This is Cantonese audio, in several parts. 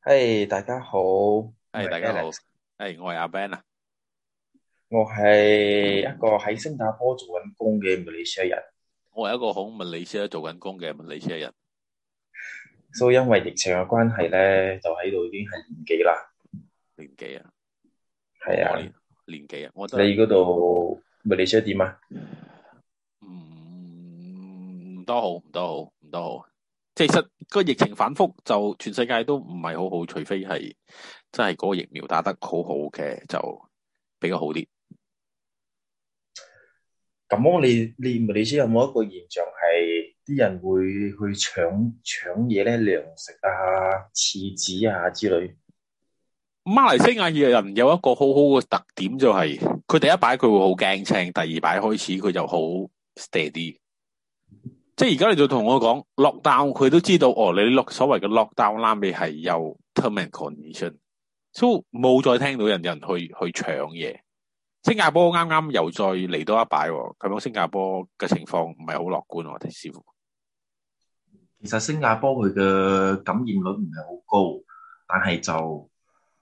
.嘿，大家好！嘿，大家好！誒，我係阿 Ben 啊，我係一個喺新加坡做緊工嘅馬來西亞人。我係一個喺馬來西亞做緊工嘅馬來西亞人。所以因為疫情嘅關係咧，就喺度已經係年紀啦，年紀啊，係啊，年紀啊，我你嗰度馬來西亞點啊？唔唔多好，唔多好，唔多好。其實個疫情反覆就全世界都唔係好好，除非係真係嗰個疫苗打得好好嘅，就比較好啲。咁我你你你知有冇一個現象係啲人會去搶搶嘢咧？糧食啊、廁紙啊之類。馬來西亞人有一個好好嘅特點就係、是，佢第一擺佢會好驚青，第二擺開始佢就好 stay 啲。即係而家，你就同我講 lockdown，佢都知道哦。你落所謂嘅 lockdown 啦，你係有 term and condition，所以冇再聽到人人去去搶嘢。新加坡啱啱又再嚟多一擺、哦，佢講新加坡嘅情況唔係好樂觀。我哋師傅其實新加坡佢嘅感染率唔係好高，但係就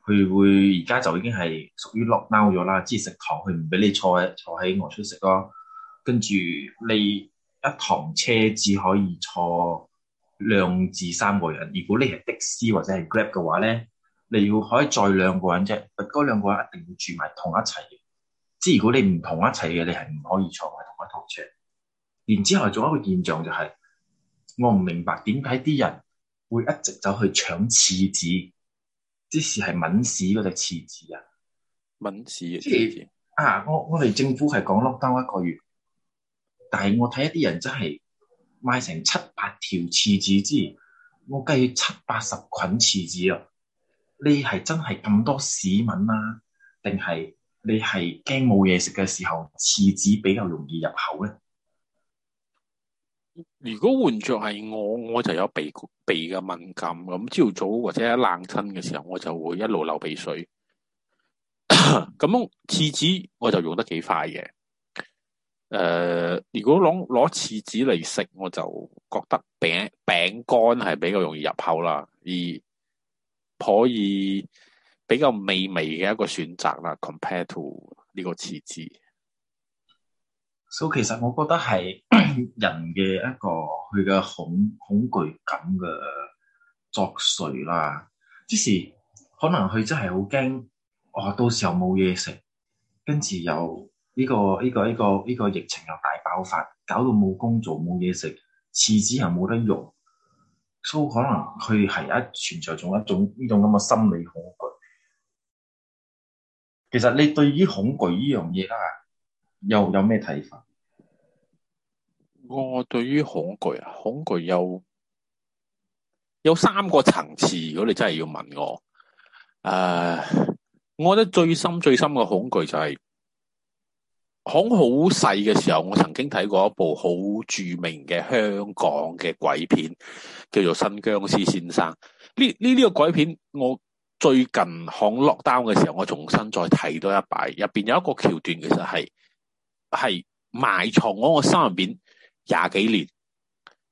佢會而家就已經係屬於 lockdown 咗啦。知食堂，佢唔俾你坐坐喺外出食咯，跟住你。一堂車只可以坐兩至三個人，如果你係的士或者係 Grab 嘅話咧，你要可以載兩個人啫。嗰兩個人一定要住埋同一齊嘅，即係如果你唔同一齊嘅，你係唔可以坐埋同一堂車。然之後仲有一個現象就係、是，我唔明白點解啲人會一直走去搶廁紙，即使係敏紙嗰隻廁紙啊，敏紙啊，我我哋政府係講 lockdown 一個月。但係我睇一啲人真係買成七八條廁紙之我計七八十捆廁紙啊！你係真係咁多市民啊？定係你係驚冇嘢食嘅時候廁紙比較容易入口咧？如果換着係我，我就有鼻鼻嘅敏感，咁朝早或者一冷親嘅時候，我就會一路流鼻水。咁廁紙我就用得幾快嘅。誒，uh, 如果攞攞廁紙嚟食，我就覺得餅餅乾係比較容易入口啦，而可以比較美味嘅一個選擇啦。Compare to 呢個廁紙，所以，so, 其實我覺得係人嘅一個佢嘅 恐恐懼感嘅作祟啦，即是可能佢真係好驚，我，哦，到時候冇嘢食，跟住又。呢、這個呢、這個呢、這個呢、這個疫情又大爆發，搞到冇工做冇嘢食，廁紙又冇得用，所以可能佢係一存在一種呢種咁嘅心理恐懼。其實你對於恐懼呢樣嘢啦，又有咩睇法？我對於恐懼啊，恐懼有有三個層次。如果你真係要問我，誒、呃，我覺得最深最深嘅恐懼就係、是。喺好細嘅時候，我曾經睇過一部好著名嘅香港嘅鬼片，叫做《新僵屍先生》。呢呢呢個鬼片，我最近喺 lockdown 嘅時候，我重新再睇多一擺。入邊有一個橋段，其實係係埋藏我我心入邊廿幾年。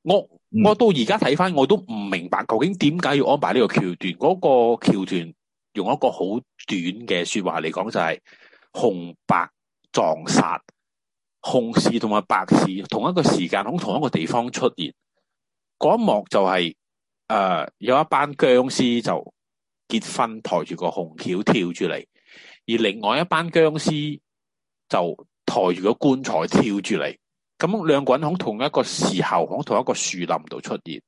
我我到而家睇翻，我都唔明白究竟點解要安排呢個橋段。嗰、那個橋段用一個好短嘅說話嚟講，就係紅白。撞殺紅事同埋白事，同一個時間喺同一個地方出現。嗰一幕就係、是、誒、呃、有一班僵屍就結婚，抬住個紅轎跳住嚟；而另外一班僵屍就抬住個棺材跳住嚟。咁兩個人喺同一個時候，喺同一個樹林度出現。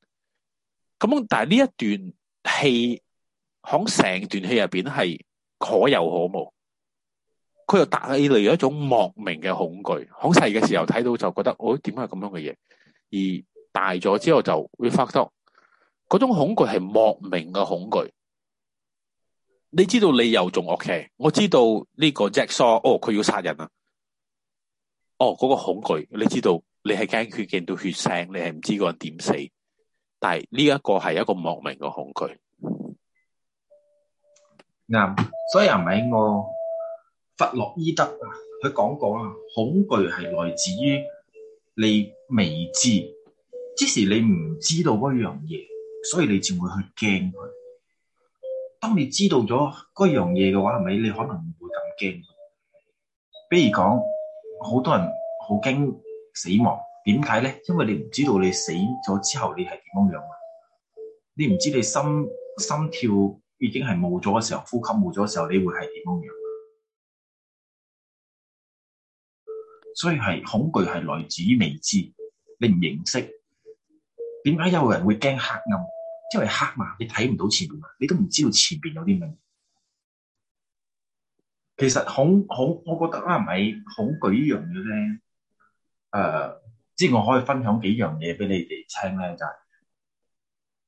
咁但係呢一段戲喺成段戲入邊係可有可無。佢又帶起嚟一種莫名嘅恐懼，好細嘅時候睇到就覺得，哦、哎，點解咁樣嘅嘢？而大咗之後就會發覺，嗰種恐懼係莫名嘅恐懼。你知道你又仲 OK，我知道呢個 Jack Saw，哦，佢要殺人啊！哦，嗰、那個恐懼，你知道你係驚血見到血腥，你係唔知個人點死，但係呢一個係一個莫名嘅恐懼。嗱、嗯，所以唔係我。弗洛伊德啊，佢講過啦，恐懼係來自於你未知，即時你唔知道嗰樣嘢，所以你就會去驚佢。當你知道咗嗰樣嘢嘅話，係咪你可能會唔會咁驚？比如講，好多人好驚死亡，點解咧？因為你唔知道你死咗之後你係點樣樣，你唔知你心心跳已經係冇咗嘅時候，呼吸冇咗嘅時候，你會係點樣樣？所以係恐懼係來自於未知，你唔認識。點解有人會驚黑暗？因為黑嘛，你睇唔到前面，嘛，你都唔知道前面有啲咩。其實恐恐，我覺得啦，唔係恐懼呢樣嘢咧，誒、呃，即係我可以分享幾樣嘢俾你哋聽咧，就係、是、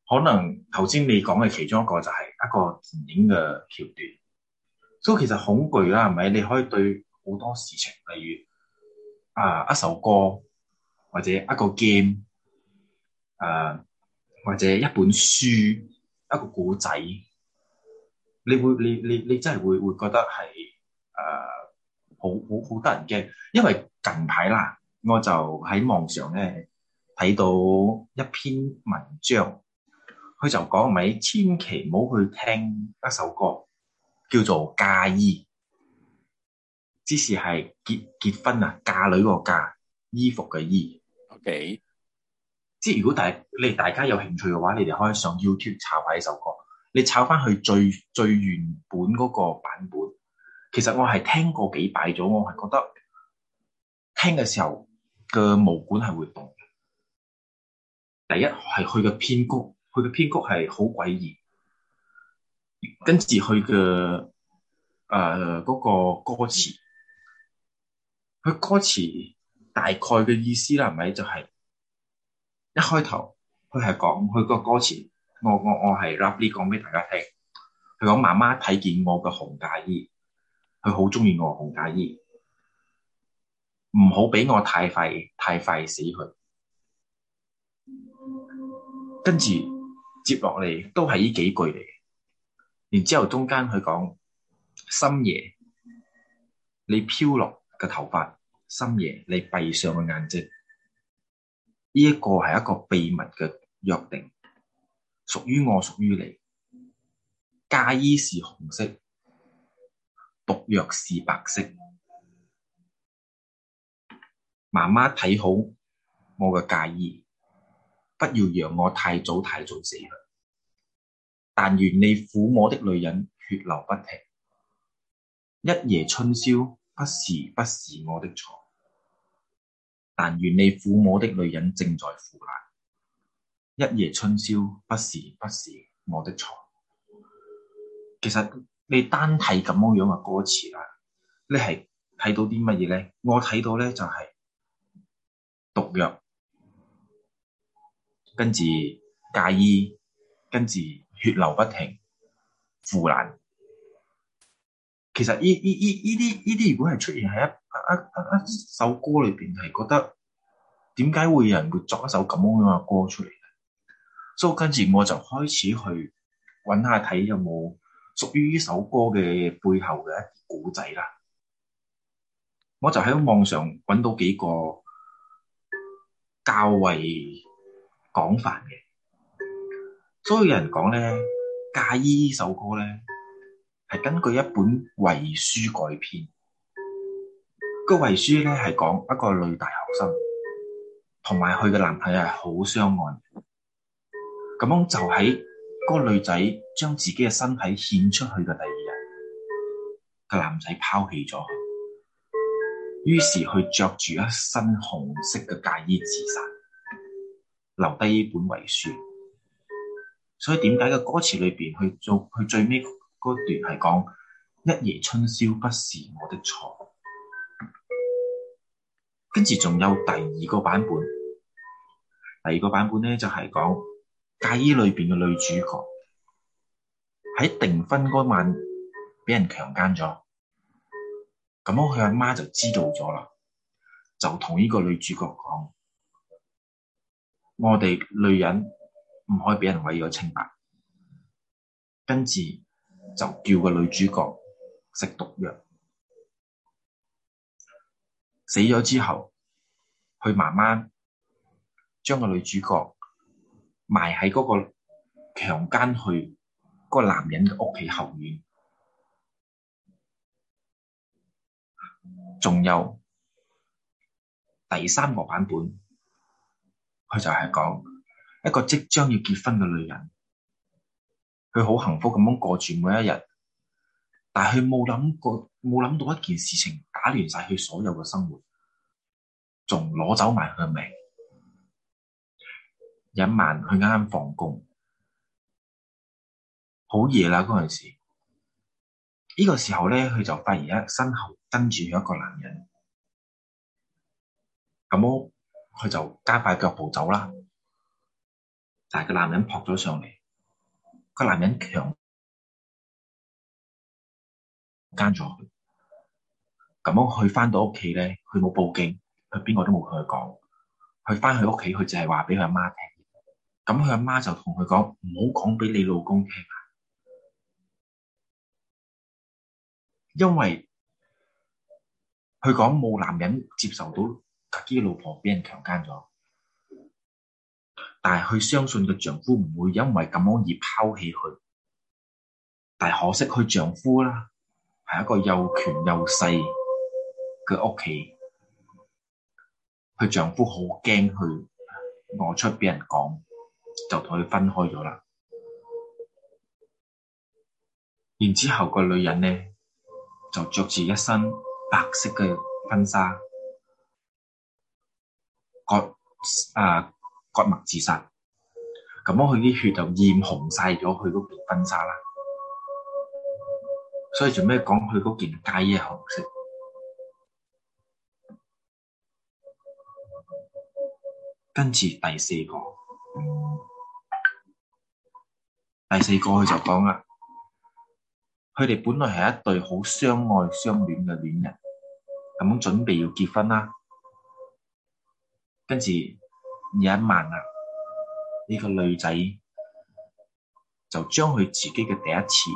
可能頭先你講嘅其中一個就係一個電影嘅橋段，所以其實恐懼啦，唔係你可以對好多事情，例如。啊！一首歌或者一個 game，誒、啊，或者一本書，一個古仔，你會你你你真係會會覺得係誒、啊，好好好得人驚，因為近排啦，我就喺網上咧睇到一篇文章，佢就講咪，千祈唔好去聽一首歌，叫做《嫁衣》。即是係結結婚啊，嫁女個嫁衣服嘅衣。OK，即係如果大你大家有興趣嘅話，你哋可以上 YouTube 查下呢首歌，你查翻去最最原本嗰個版本。其實我係聽過幾百組，我係覺得聽嘅時候嘅毛管係會動。第一係佢嘅編曲，佢嘅編曲係好鬼異，跟住佢嘅誒嗰個歌詞。佢歌詞大概嘅意思啦，係咪就係、是、一開頭佢係講佢個歌詞，我我我係 roughly 講俾大家聽。佢講，媽媽睇見我嘅紅嫁衣，佢好中意我紅嫁衣，唔好俾我太快太快死去。跟住接落嚟都係呢幾句嚟，然之後中間佢講深夜你飄落嘅頭髮，深夜你閉上嘅眼睛，呢、這、一個係一個秘密嘅約定，屬於我，屬於你。嫁衣是紅色，毒藥是白色。媽媽睇好我嘅嫁衣，不要讓我太早太早死去。但願你撫摸的女人血流不停，一夜春宵。不是不是我的錯，但願你父母的女人正在腐爛。一夜春宵，不是不是我的錯。其實你單睇咁樣樣嘅歌詞啦，你係睇到啲乜嘢咧？我睇到咧就係毒藥，跟住介意，跟住血流不停，腐爛。其實呢呢呢呢啲呢啲，如果係出現喺一一一,一,一首歌裏邊，係覺得點解會有人會作一首咁樣嘅歌出嚟咧？所以跟住我就開始去揾下睇有冇屬於呢首歌嘅背後嘅一啲古仔啦。我就喺網上揾到幾個較為廣泛嘅，所以有人講咧《嫁衣》呢首歌咧。係根據一本遺書改編，個遺書咧係講一個女大學生，同埋佢嘅男朋友係好相愛，咁樣就喺嗰個女仔將自己嘅身體獻出去嘅第二日，個男仔拋棄咗佢，於是佢着住一身紅色嘅嫁衣自殺，留低呢本遺書。所以點解個歌詞裏邊去做，佢最尾嗰段係講一夜春宵，不是我的錯。跟住仲有第二個版本，第二個版本咧就係講嫁衣裏邊嘅女主角喺訂婚嗰晚俾人強姦咗，咁樣佢阿媽就知道咗啦，就同呢個女主角講：我哋女人唔可以俾人毀咗清白。跟住。就叫個女主角食毒藥，死咗之後，佢慢慢將個女主角埋喺嗰個強奸佢嗰個男人嘅屋企後院。仲有第三個版本，佢就係講一個即將要結婚嘅女人。佢好幸福咁樣過住每一日，但係佢冇諗過，冇諗到一件事情打亂晒佢所有嘅生活，仲攞走埋佢嘅命。一晚佢啱啱放工，好夜啦嗰陣時，呢個時候咧，佢就發現一身後跟住有一個男人，咁，佢就加快腳步走啦，但係個男人撲咗上嚟。個男人強姦咗佢，咁樣佢翻到屋企咧，佢冇報警，佢邊個都冇同佢講，佢翻去屋企，佢就係話俾佢阿媽聽，咁佢阿媽就同佢講唔好講俾你老公聽，因為佢講冇男人接受到自己老婆俾人強姦咗。但係佢相信佢丈夫唔會因為咁樣而拋棄佢，但係可惜佢丈夫啦係一個又權又勢嘅屋企，佢丈夫好驚佢外出俾人講，就同佢分開咗啦。然之後個女人呢就着住一身白色嘅婚紗，啊。割脈自殺，咁樣佢啲血就染紅晒咗佢嗰件婚紗啦。所以做咩講佢嗰件嫁衣紅色？跟住第四個，第四個佢就講啦，佢哋本來係一對好相愛相戀嘅戀人，咁準備要結婚啦，跟住。有一晚啊，呢個女仔就將佢自己嘅第一次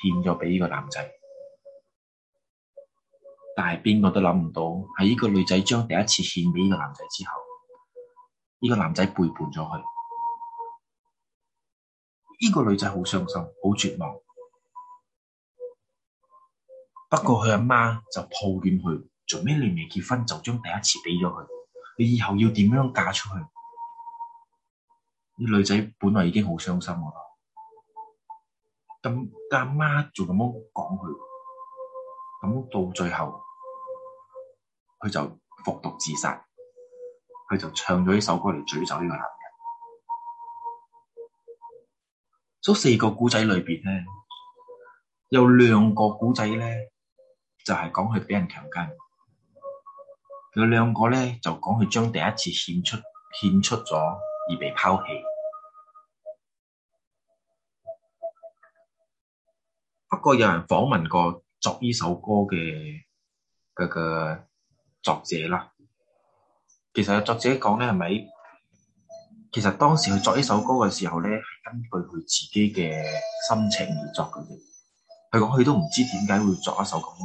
獻咗俾呢個男仔，但係邊個都諗唔到，喺呢個女仔將第一次獻俾呢個男仔之後，呢個男仔背叛咗佢，呢個女仔好傷心，好絕望。不過佢阿媽就抱怨佢，做咩你未結婚就將第一次俾咗佢？你以後要點樣嫁出去？啲女仔本來已經好傷心個咯，咁阿媽就咁樣講佢，咁到最後佢就服毒自殺，佢就唱咗呢首歌嚟詛咒呢個男人。所以四個古仔裏邊咧，有兩個古仔咧就係講佢俾人強姦。佢兩個咧就講佢將第一次獻出獻出咗而被拋棄。 不過有人訪問過作呢首歌嘅個作者啦，其實個作者講咧係咪？其實當時佢作呢首歌嘅時候咧，根據佢自己嘅心情而作嘅。佢講佢都唔知點解會作一首咁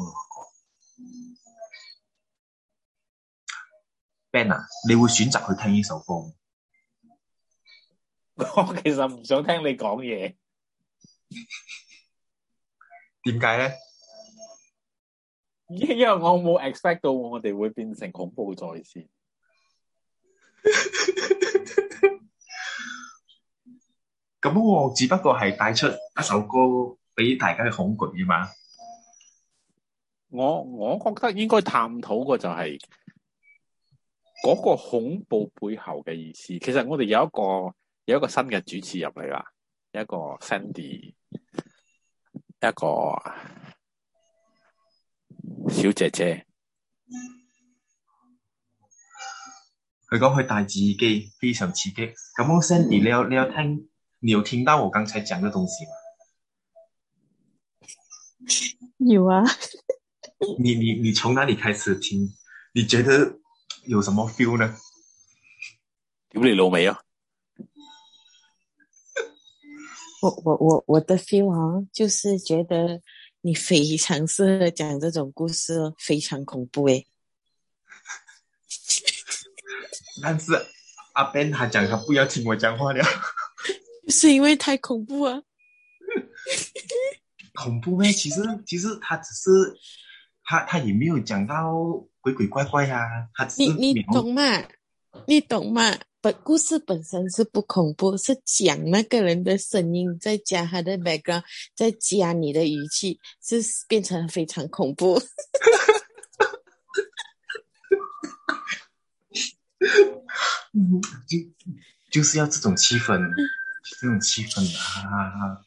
Ben 啊，你會選擇去聽呢首歌？我其實唔想聽你講嘢。點解咧？因因為我冇 expect 到我哋會變成恐怖在線。咁 我只不過係帶出一首歌俾大家嘅恐懼啫嘛。我我覺得應該探討嘅就係、是。嗰個恐怖背後嘅意思，其實我哋有一個有一個新嘅主持入嚟啦，有一個 Sandy，一個小姐姐，佢講佢戴耳機非常刺激。咁 Sandy，你有你有聽，嗯、你有聽到我剛才講嘅東西嗎？有啊。 你你你從哪裡開始聽？你覺得？有什麼 feel 呢？丟你老味啊！我我我我的 feel 啊、哦，就是覺得你非常適合講這種故事、哦，非常恐怖誒。 但是阿、啊、Ben，他講，他不要聽我講話了， 是因為太恐怖啊！ 恐怖咩？其實其實他只是。他他也沒有講到鬼鬼怪怪啊，他你你懂嗎？你懂嗎？本故事本身是不恐怖，是講那個人的聲音，再加他的 background，再加你的語氣，是變成非常恐怖。就就是要這種氣氛， 這種氣氛啊！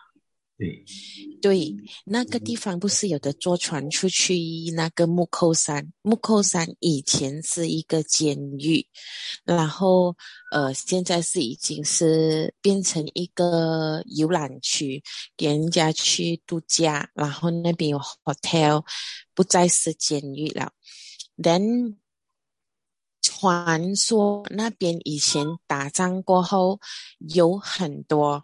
對，那個地方不是有的坐船出去？那個木扣山，木扣山以前是一個監獄，然後，呃，現在是已經是變成一個遊覽區，給人家去度假，然後那邊有 hotel，不再是監獄了。Then 傳說那邊以前打仗過後有很多。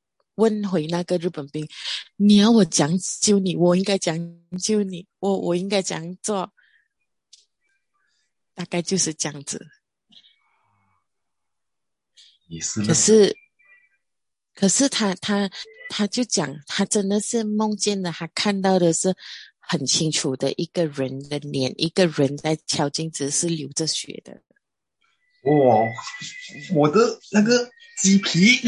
問回那個日本兵，你要我講究你，我應該講究你，我我應該怎樣做？大概就是這樣子。是可是可是他他他就講，他真的是夢見了，他看到的是很清楚的一個人的臉，一個人在敲鏡子，是流着血的。哇、哦！我的那個雞皮。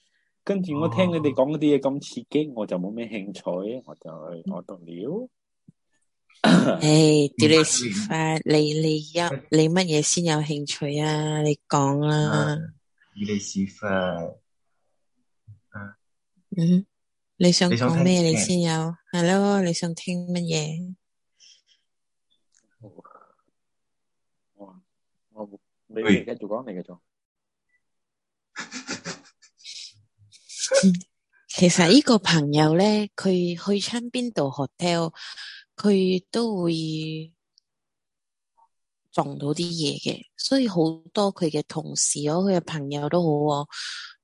跟住我聽佢哋講嗰啲嘢咁刺激，我就冇咩興趣，我就去我讀料。誒，屌你屎忽，你你一你乜嘢先有興趣啊？你講啦、啊。屌、uh，你屎忽、啊。嗯，你想講咩？你先有係咯？ Hello，你想聽乜嘢？我我你繼續講你繼續。 其實呢個朋友咧，佢去親邊度 hotel，佢都會撞到啲嘢嘅，所以好多佢嘅同事，囉，佢嘅朋友都好，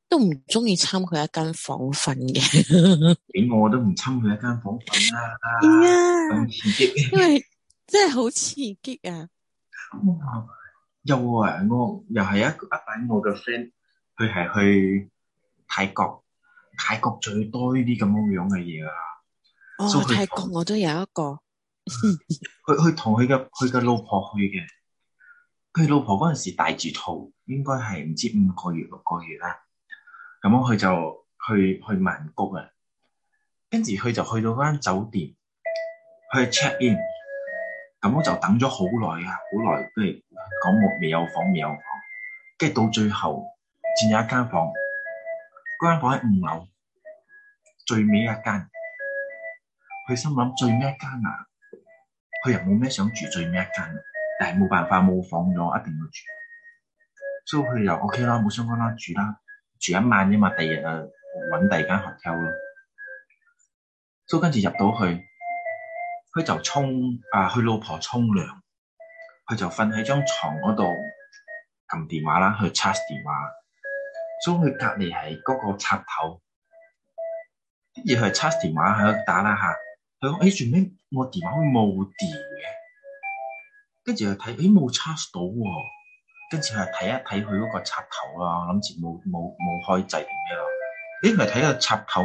都唔中意參佢一間房瞓嘅，俾 我都唔參佢一間房瞓啦、啊，刺激，因為真係好刺激啊， 刺激啊！又啊，我又係一一位我嘅 friend，佢係去泰國。泰國最多呢啲咁樣樣嘅嘢啦。哦，泰國我都有一個，佢去同佢嘅佢嘅老婆去嘅，佢老婆嗰陣時大住肚，應該係唔知五個月六個月啦。咁樣佢就去去曼谷啊，跟住佢就去到嗰間酒店去 check in，咁我就等咗好耐啊，好耐啊，即係講冇未有房未有房，跟住到最後只有一間房間。間房喺五樓最尾一間，佢心諗最尾一間啊，佢又冇咩想住最尾一間，但係冇辦法，冇房咗一定要住，所以佢又 OK 啦，冇相干啦，住啦，住一晚啫嘛，第二日揾，啊、第二間酒店咯。所以跟住入到去，佢就沖啊，佢老婆沖涼，佢就瞓喺張床嗰度撳電話啦，去 charge 電話。所以佢隔籬係嗰個插頭，跟住佢插電話喺度打啦吓。佢講：誒、欸，做咩我電話會冇電嘅？跟住又睇，誒、欸、冇插到喎、啊。跟住佢睇一睇佢嗰個插頭啦、啊，諗住冇冇冇開掣定咩啦？誒、欸，咪睇下插頭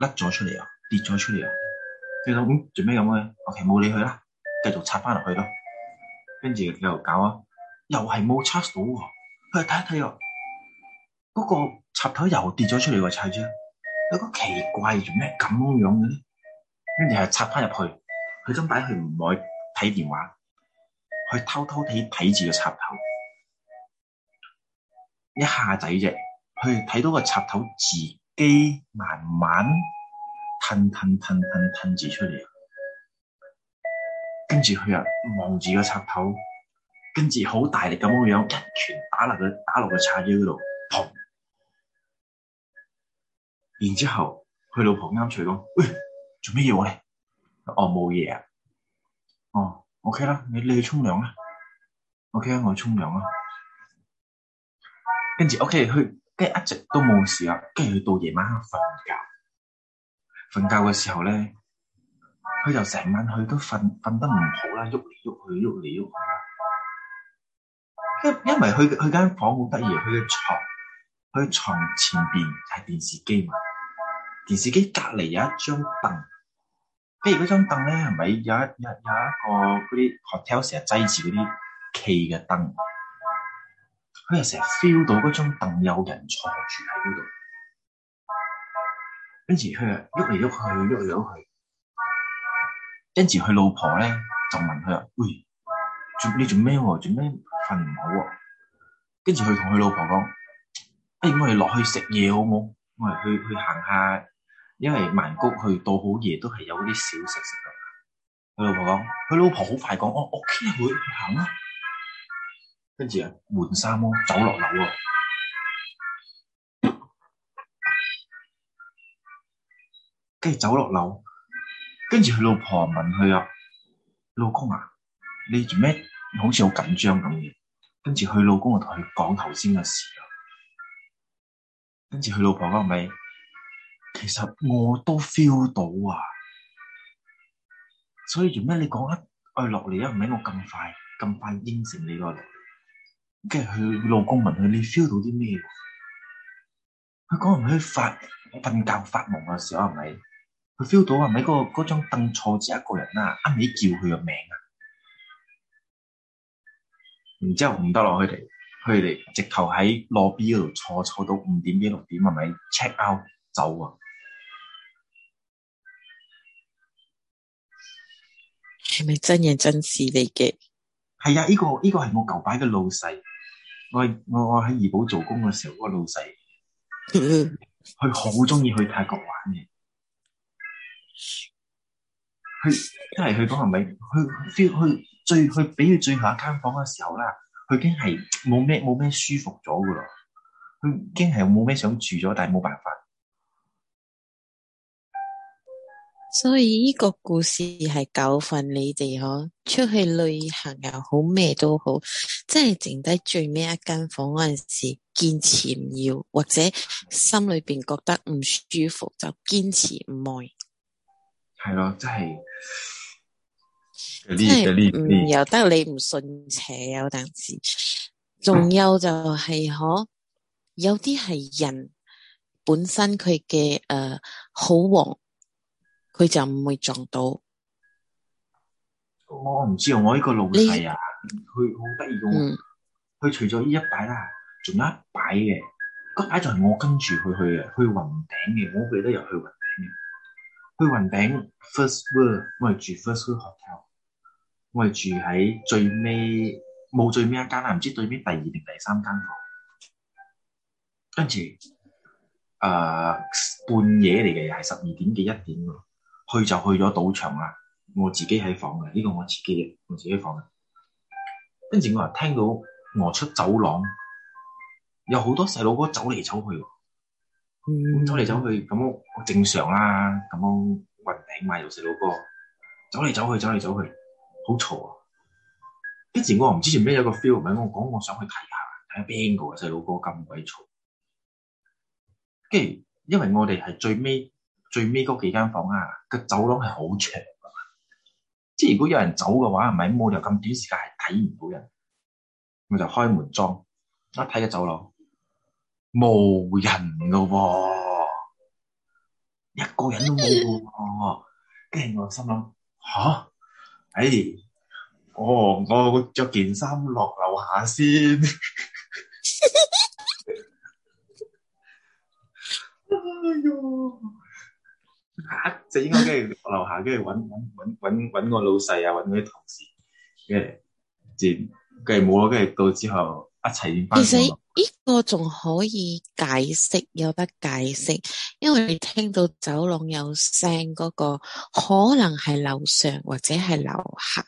甩咗出嚟啊，跌咗出嚟啊。佢諗：嗯，做咩咁嘅？O.K. 冇理佢啦，繼續插翻落去咯、啊。跟住繼續搞啊，又係冇插到喎、啊。佢睇一睇又、啊。嗰個插頭又跌咗出嚟個砌啫，有個奇怪，做咩咁樣嘅咧？跟住係插翻入去，佢根本佢唔係睇電話，佢偷偷地睇住個插頭，一下仔啫，佢睇到個插頭自己慢慢褪褪褪褪褪住出嚟，跟住佢啊望住個插頭，跟住好大力咁樣樣一拳打落個打落個插腰嗰度，砰！然之後，佢老婆啱除光，喂、哎，做咩嘢我咧？哦，冇嘢啊。哦，OK 啦，你你去沖涼啦。OK 啦，我去沖涼啦。跟住 OK，佢跟住一直都冇事啊。跟住到夜晚黑瞓覺，瞓覺嘅時候咧，佢就成晚佢都瞓瞓得唔好啦，喐嚟喐去，喐嚟喐去。因因為佢佢間房好得意，佢嘅床。佢床前邊係電視機嘛？電視機隔籬有一張凳，譬如嗰張凳咧，係咪有一、有、有一個嗰啲 hotel 成日擠住嗰啲 K 嘅凳？佢又成日 feel 到嗰張凳有人坐住喺嗰度，跟住佢啊喐嚟喐去，喐嚟喐去，跟住佢老婆咧就問佢、哎、啊：，喂，做你做咩喎？做咩瞓唔好喎？跟住佢同佢老婆講。哎，我哋落去食嘢好冇？我哋去去行下，因為曼谷去到好夜都係有嗰啲小食食噶。佢老婆講，佢老婆好快講，我我 care 佢，去行啦。跟住啊，換衫咯，走落樓咯。跟住走落樓，跟住佢老婆問佢啊，老公啊，你做咩好似好緊張咁嘅？跟住佢老公就同佢講頭先嘅事啦。跟住佢老婆啦，係咪？其實我都 feel 到啊，所以做咩你講啊愛落嚟啊，唔係我咁快，咁快應承你個愛落嚟。跟住佢老公問佢：你 feel 到啲咩？佢講：係咪發瞓覺發夢嘅時候？係咪？佢 feel 到係咪嗰個嗰張凳坐住一個人啦？一味叫佢個名啊！然之後唔得落去哋。佢哋直頭喺落 B 嗰度坐坐到五點幾六點，係咪 check out 走啊？係咪真人真事嚟嘅？係啊，呢個呢個係我舊擺嘅老細，我我我喺怡寶做工嘅時候，嗰個老細，佢好中意去泰國玩嘅，佢都係去講，係咪？佢去 feel 佢最去，比如最後一間房嘅時候啦。佢已經係冇咩冇咩舒服咗噶啦，佢已經係冇咩想住咗，但係冇辦法。所以呢個故事係教訓你哋嗬，出去旅行又好咩都好，即係剩低最尾一間房嗰陣時，堅持唔要或者心裏邊覺得唔舒服就堅持唔愛，係咯，即係。真係唔由得你唔信邪我，就是嗯、啊！有陣時，仲有就係可有啲係人本身佢嘅誒好旺，佢就唔會撞到。我唔知道我啊！我呢個老細啊，佢好得意，佢、嗯、除咗呢一擺啦，仲有一擺嘅。嗰擺就係我跟住佢去嘅，去雲頂嘅。我記得有去雲頂嘅。去雲頂 First World 我咪住 First、World、Hotel。我係住喺最尾冇最尾一間啊，唔知對面第二定第三間房。跟住，誒、呃、半夜嚟嘅又係十二點幾一點喎。去就去咗賭場啦。我自己喺房嘅，呢、這個我自己嘅，我自己房。跟住我話聽到我出走廊有好多細佬哥走嚟走去，嗯、走嚟走去咁，正常啦。咁樣混頂嘛，又細佬哥走嚟走去，走嚟走去。好嘈啊！跟住 el, 我唔知前面有個 feel，唔係我講，我想去睇下，睇下邊個啊？細佬哥咁鬼嘈。跟住因為我哋係最尾最尾嗰幾間房啊，個走廊係好長啊，即係如果有人走嘅話，係咪冇就咁短時間係睇唔到人？我就開門裝一睇個走廊冇人噶，哦，一個人都冇個，跟住我心諗吓。啊哎，哦，我着件衫落樓下先，哎喲，吓，就應該跟住落樓下，跟住揾揾揾揾揾個老細啊，揾啲同事，跟住接，跟住冇啦，跟住到之後一齊翻上。呢個仲可以解釋，有得解釋，因為你聽到走廊有聲嗰個，可能係樓上或者係樓下，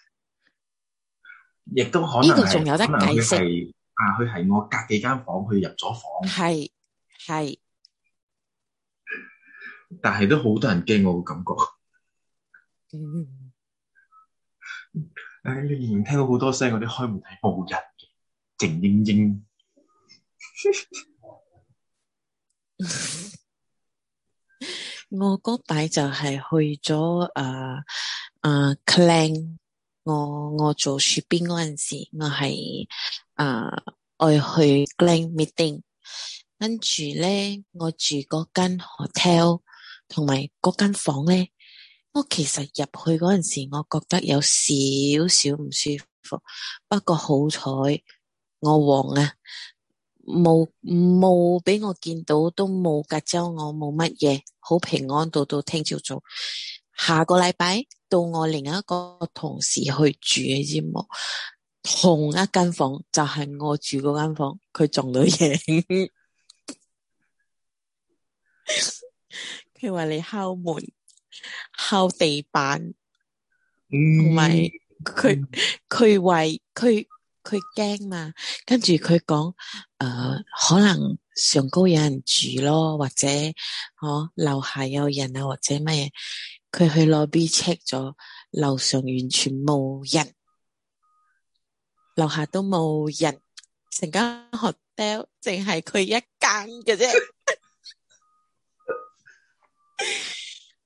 亦都可能呢個仲有得解釋。啊，佢係我隔幾間房，佢入咗房，係係，但係都好多人驚我嘅感覺。嗯，誒，你仍然聽到好多聲嗰啲開門係無人嘅靜英英。 我嗰拜就係去咗啊啊 Clang 我我做雪邊嗰陣時，我係啊愛去 Clang meeting，跟住咧我住嗰間 hotel，同埋嗰間房咧，我其實入去嗰陣時，我覺得有少少唔舒服，不過好彩我旺啊！冇冇俾我見到，都冇隔周，我冇乜嘢，好平安到到聽朝早。下個禮拜到我另一個同事去住嘅之冇同一間房就係、是、我住嗰間房，佢撞到嘢，佢 話你敲門、敲地板，唔係佢佢為佢。佢驚嘛，跟住佢講，誒、呃，可能上高有人住咯，或者，嗬、呃，樓下有人啊，或者乜嘢，佢去 lobby check 咗，樓上完全冇人，樓下都冇人，成間 hotel 淨係佢一間嘅啫，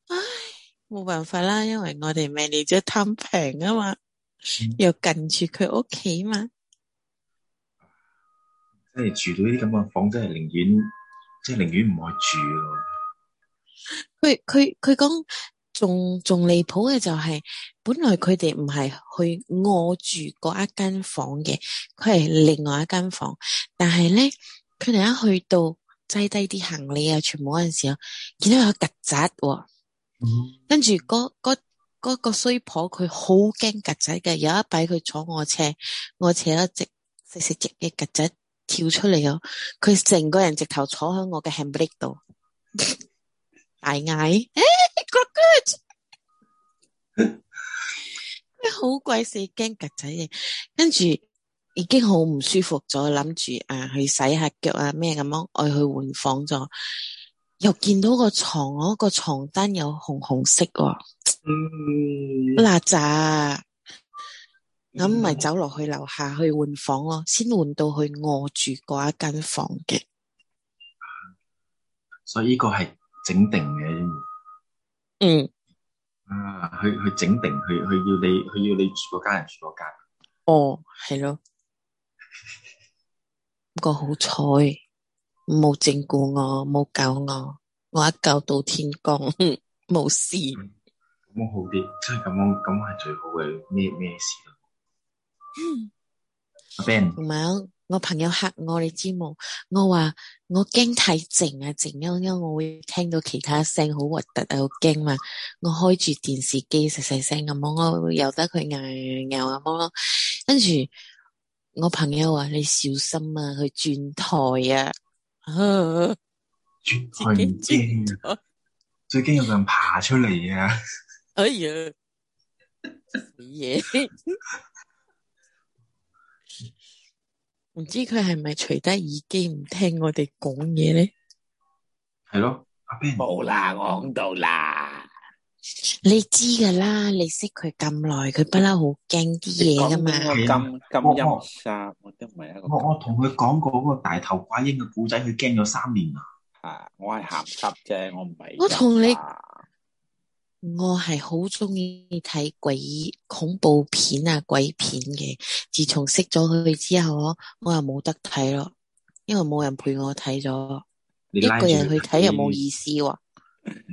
唉，冇辦法啦，因為我哋未年就貪平啊嘛。又近住佢屋企嘛。即係住到呢啲咁嘅房，真係寧願，即係寧願唔去住咯。佢佢佢講仲仲離譜嘅就係，本來佢哋唔係去我住嗰一間房嘅，佢係另外一間房。但係咧，佢哋一去到擠低啲行李啊，全部嗰陣時候，見到有曱甴，啊，嗯，跟住嗰嗰個衰婆佢好驚曱甴嘅，有一擺佢坐我車，我扯一隻細細隻嘅曱甴跳出嚟咯，佢成個人直頭坐喺我嘅 handbrake 度， 大嗌誒 good good，好鬼死驚曱甴嘅，跟住已經好唔舒服咗，諗住啊去洗下腳啊咩咁樣，我去換房咗，又見到個床嗰、嗰個床單有紅紅色。嗯，嗱渣，咋咁咪走落去樓下去換房咯？嗯、先換到去我住嗰一間房嘅，所以呢個係整定嘅。嗯，啊，佢佢整定，佢佢要你，佢要你住嗰間，人住嗰間。哦，係咯，不過好彩冇整蠱我，冇搞我，我一覺到天光，冇 事。嗯咁好啲，真係咁樣咁係最好嘅。咩咩事咯、啊？阿、嗯、Ben 同埋、啊、我朋友吓我你知冇？我話我驚睇靜啊靜、啊，因為我會聽到其他聲好核突啊，好驚嘛。我開住電視機細細聲咁，我由得佢嗌嗌咁咯。跟住、啊、我朋友話：你小心啊，佢轉台啊！轉 台唔驚啊，最驚有個人爬出嚟啊！ 哎呀，乜嘢？唔知佢係咪除低耳機唔聽我哋講嘢咧？係咯，阿邊冇啦，我講到啦，你知噶啦，你識佢咁耐，佢不嬲好驚啲嘢噶嘛？係啦，金金音沙我都唔係一個。我我同佢講過嗰個大頭怪嬰嘅故仔，佢驚咗三年啊！啊，我係咸濕啫，我唔係。我同你。我係好中意睇鬼恐怖片啊，鬼片嘅，自從識咗佢之後，我我又冇得睇咯，因為冇人陪我睇咗，一個人去睇又冇意思喎、啊。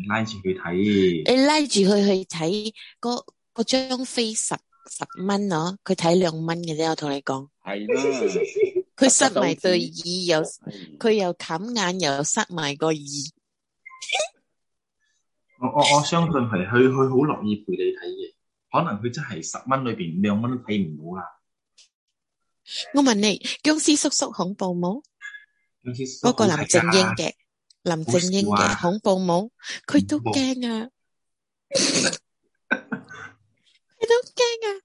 拉住佢睇，你拉住佢去睇，嗰嗰張飛十十蚊啊，佢睇兩蚊嘅啫。我同你講，係啦，佢塞埋對耳又，佢又冚眼又塞埋個耳。我我相信係佢，佢好樂意陪你睇嘅。可能佢真係十蚊裏邊兩蚊都睇唔到啊！我問你，僵屍叔叔恐怖冇？嗰個林正英嘅，林正英嘅恐怖冇？佢都驚啊！佢都驚啊！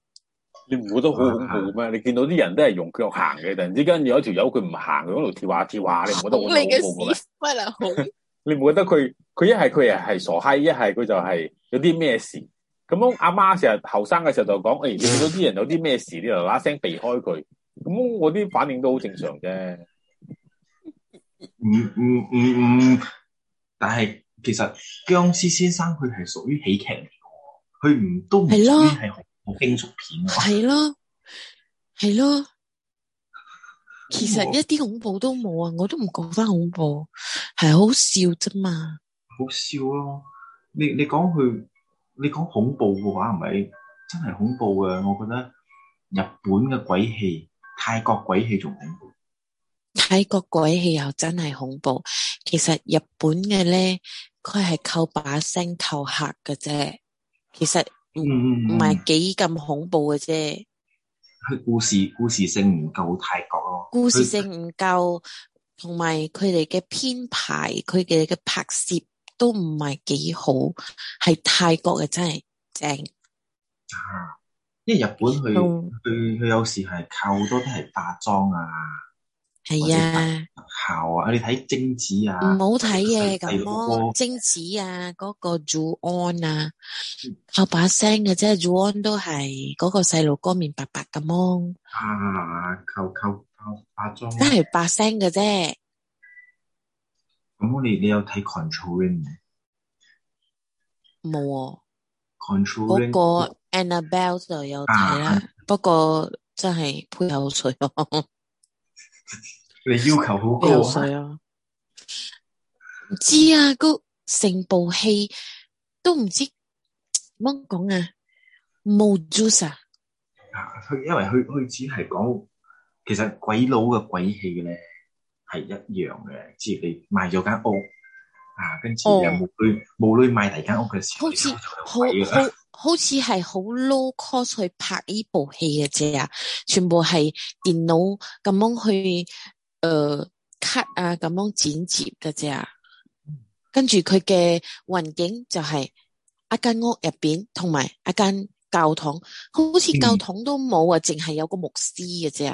你唔覺得好恐怖咩？你見到啲人都係用腳行嘅，突然之間有一條友佢唔行，佢喺度跳下跳下，你唔覺得好恐怖咩？乜啊？你唔覺得佢？佢一係佢又係傻閪，一係佢就係有啲咩事。咁阿媽成日後生嘅時候就講，誒、哎，見到啲人有啲咩事，你就嗱聲避開佢。咁我啲反應都好正常啫。唔唔唔唔，但係其實僵屍先生佢係屬於喜劇嚟嘅，佢唔都唔屬於係恐怖驚悚片。係咯，係咯，其實一啲恐怖都冇啊！我都唔覺得恐怖，係好笑啫嘛。好笑咯！你你講佢，你講恐怖嘅話，唔係真係恐怖嘅。我覺得日本嘅鬼戲，泰國鬼戲仲恐怖。泰國鬼戲又真係恐怖。其實日本嘅咧，佢係靠把聲靠吓嘅啫。其實唔唔係幾咁恐怖嘅啫。佢故事故事性唔夠泰國咯。故事性唔夠，同埋佢哋嘅編排，佢哋嘅拍攝。都唔係幾好，係泰國嘅真係正。啊，因為日本佢佢佢有時係靠多啲係化妝啊，係啊，校啊，你睇貞子啊，唔好睇嘢。咁。貞子啊，嗰、嗰個咒怨啊，靠把聲嘅啫，咒怨都係嗰個細路哥面白白咁。啊，靠、嗯呃、靠靠，化妝真係白聲嘅啫。咁你你有睇 controlling 嘅？冇有。c o n t r o l 嗰個 Annabelle 就有睇啦。啊、不過真係配有趣咯、哦。 你要求好高、哦、 啊！知啊，個成部戲都唔知點講啊。冇 juice 啊，佢因為佢佢只係講，其實鬼佬嘅鬼戲咧。係一樣嘅，即係你賣咗間屋啊，跟住啊母女母女賣第二間屋嘅時候，好似像好好好似係好 low cost 去拍呢部戲嘅啫，啊全部係電腦咁樣去誒、呃、cut 啊咁樣剪接嘅啫，啊跟住佢嘅環境就係一間屋入邊同埋一間教堂，好似教堂都冇啊，淨係、嗯、有個牧師嘅啫。